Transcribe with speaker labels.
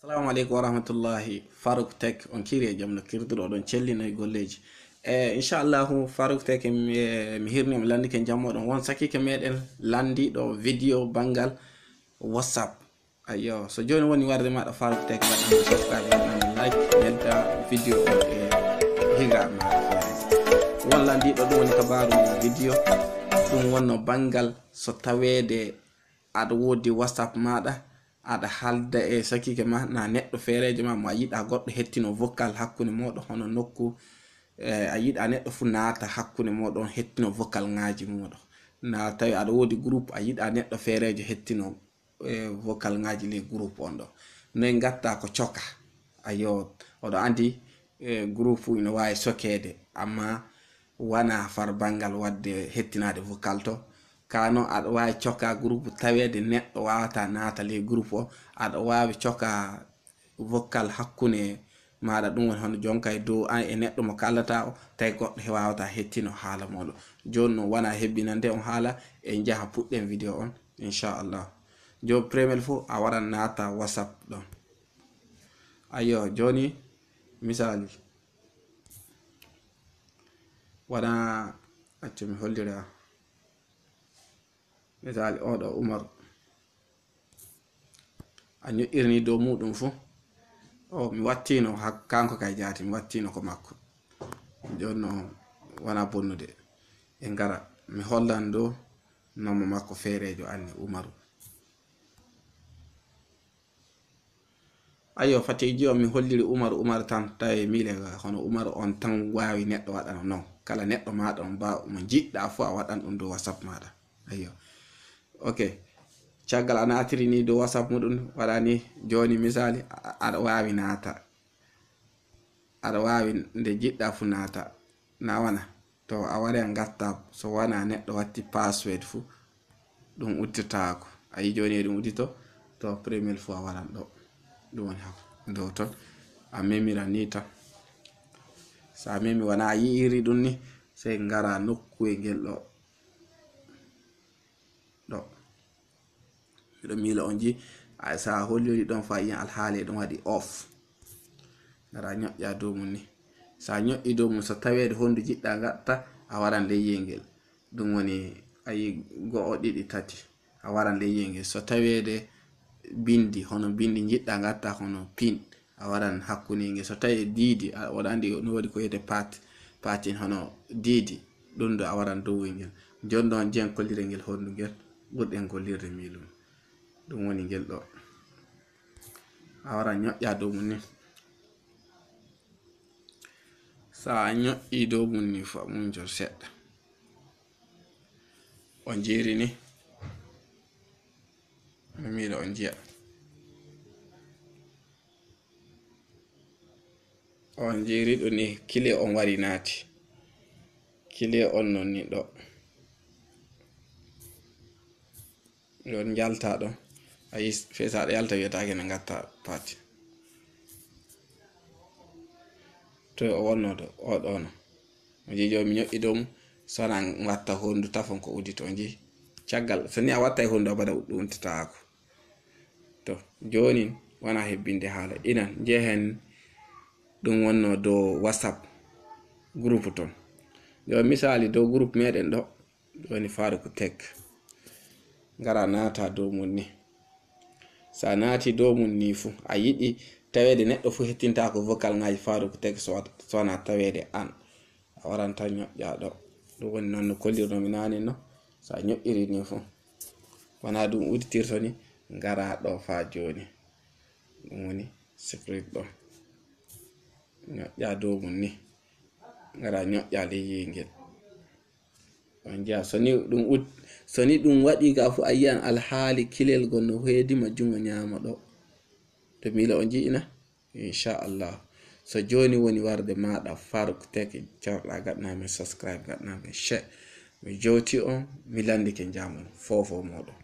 Speaker 1: assalamu aleykum warahmatullahi farouk tek on kiri e jaam no kirduɗo oɗon cellina e golleji e eh, inchallahu farouk tek eh, mi hirni landi ke jammoɗon won sakike meɗen landiɗo vidéo bangal whatsapp ayo so joni woni warde maɗa farouk tek waɗama subscribe like yedda vidéo o e eh, higama won landiɗo ɗum woni kabaru vidéo ɗum wonno bangal so tawede aɗa woodi whatsapp maɗa aɗa halda e sakike ma na neɗɗo feerejo ma mo a yiɗa goɗɗo hettino vocal hakkunde moɗon hono nokku e, a yiɗa neɗɗo fuu naata hakkunde moɗon hettino vocal ŋaaji muɗon na tawi aɗa woodi groupe a yiɗa neɗɗo feerejo hettino e, vocal ŋaaji ley groupe on ɗon noyi gatta ko coka ayo oɗo andi e, groupe ina wawi sokede amma wana far banggal wadde hettinade vocal to kano aɗa wawi coka groupe tawede neɗɗo wawata nata ley groupe o aɗa wawi coka vocal hakkune maɗa ɗum woni hono jonka e dow an e neɗɗo mo kallata o tawi goɗɗo he wawata hettino haala moɗo joni non wona hebbinande on haala e jaaha puɗɗen vidéo on inchallah joni premiére fo a waran nata whatsapp ɗon ayo joni misali wona accu mi hollira misali oɗo umaru a ñoƴƴirni dow muɗum fuu o mi wattino ha kanko kay jaati mi wattino ko makko jonno wona bonnude e ngara mi hollan dow nomo makko feerejo anni umaru ayo fatiji o mi holliri umaru umaru tan tawi mile hono umaru on tan wawi neɗɗo waɗana non kala neɗɗo maɗa on bawmo jiɗɗa fuu a waɗan ɗum dow whatsapp maɗa ayo ok caggal ana atiri ni dow whatsapp muɗum waɗani joni misali aɗa wawi naata aɗa wawi nde jiɗɗa fu naata nawana to a wari a gatta so wana neɗɗo watti passwed fu ɗum udtirtako ayi joni e ɗum udito to premier fu a waɗan ɗo ɗum woni hak dow ton a memira ni tan so a memi wona a yi'iri ɗum ni sey gara nokkuwe gel ɗo ɗo miɗo mila on ji sa holliri ɗon fa yiyan alhaali ɗum waɗi off gara ñoƴƴa dow mum ni so a ñoƴƴi dow mum so taweede honndu jiɗɗa gatta a waran leyyel ngel ɗum woni ayi go'o ɗiɗi tati a waran leyyel ngel so taweede bindi hono bindi jiɗɗa gatta hono pin a waran hakkunelngel so tawi diidi oɗa anndi no waɗi ko wiyete pat patin hono diidi ɗum ɗo a waran dowuyngel jonnoon jenkolirel ngel honndu ngel gulɗen gollirde milum ɗum woni ngel ɗo a wara nyo'a dow mum ni so a nyo'i dow mum ni fa mum jor seɗɗa on jeri ni mi miila jiya on jeri ɗo ni kile on wari naati kile on non ni ɗo ɗon jalta ɗo ayi fesaɗo yalta wiyatake no gatta pati to o wonno ɗo oɗono o jei joni mi ño'i ɗo mum sowona watta hondu tafon ko udi to je caggal so ni a wattai hondu abada ɗumtatako to joni wona hebbinde haala inan jehen ɗum wonno dow whatsapp groupe ton joni misali dow groupe meɗen ɗo joni faruku tek ngara naata dow mum ni sa naati dow mum ni fuu a yiɗi tawede neɗɗo fuu hettintako vocal ngaji faaru ko tagi sowona tawede an a waran tan ñoƴƴa ɗo ɗum woni noon no kollirnomi nani no so a ñoƴƴiri ni fuu wona ɗum uditirto ni ngara ɗo fa joni ɗum woni secret ɗo ñoƴƴa dow mum ni ngara ñoƴƴa leyiyel ngel ajea soni ɗum soni ɗum waɗi ga fu a yiyan alhaali kilelgol no hedima jungo ñama ɗo to mila o jiina inchallah so joni woni warde maɗa faruk tek jarɗa gaɗnami subscribe gaɗnami che mi jowti on mi landike jamu fofo moɗon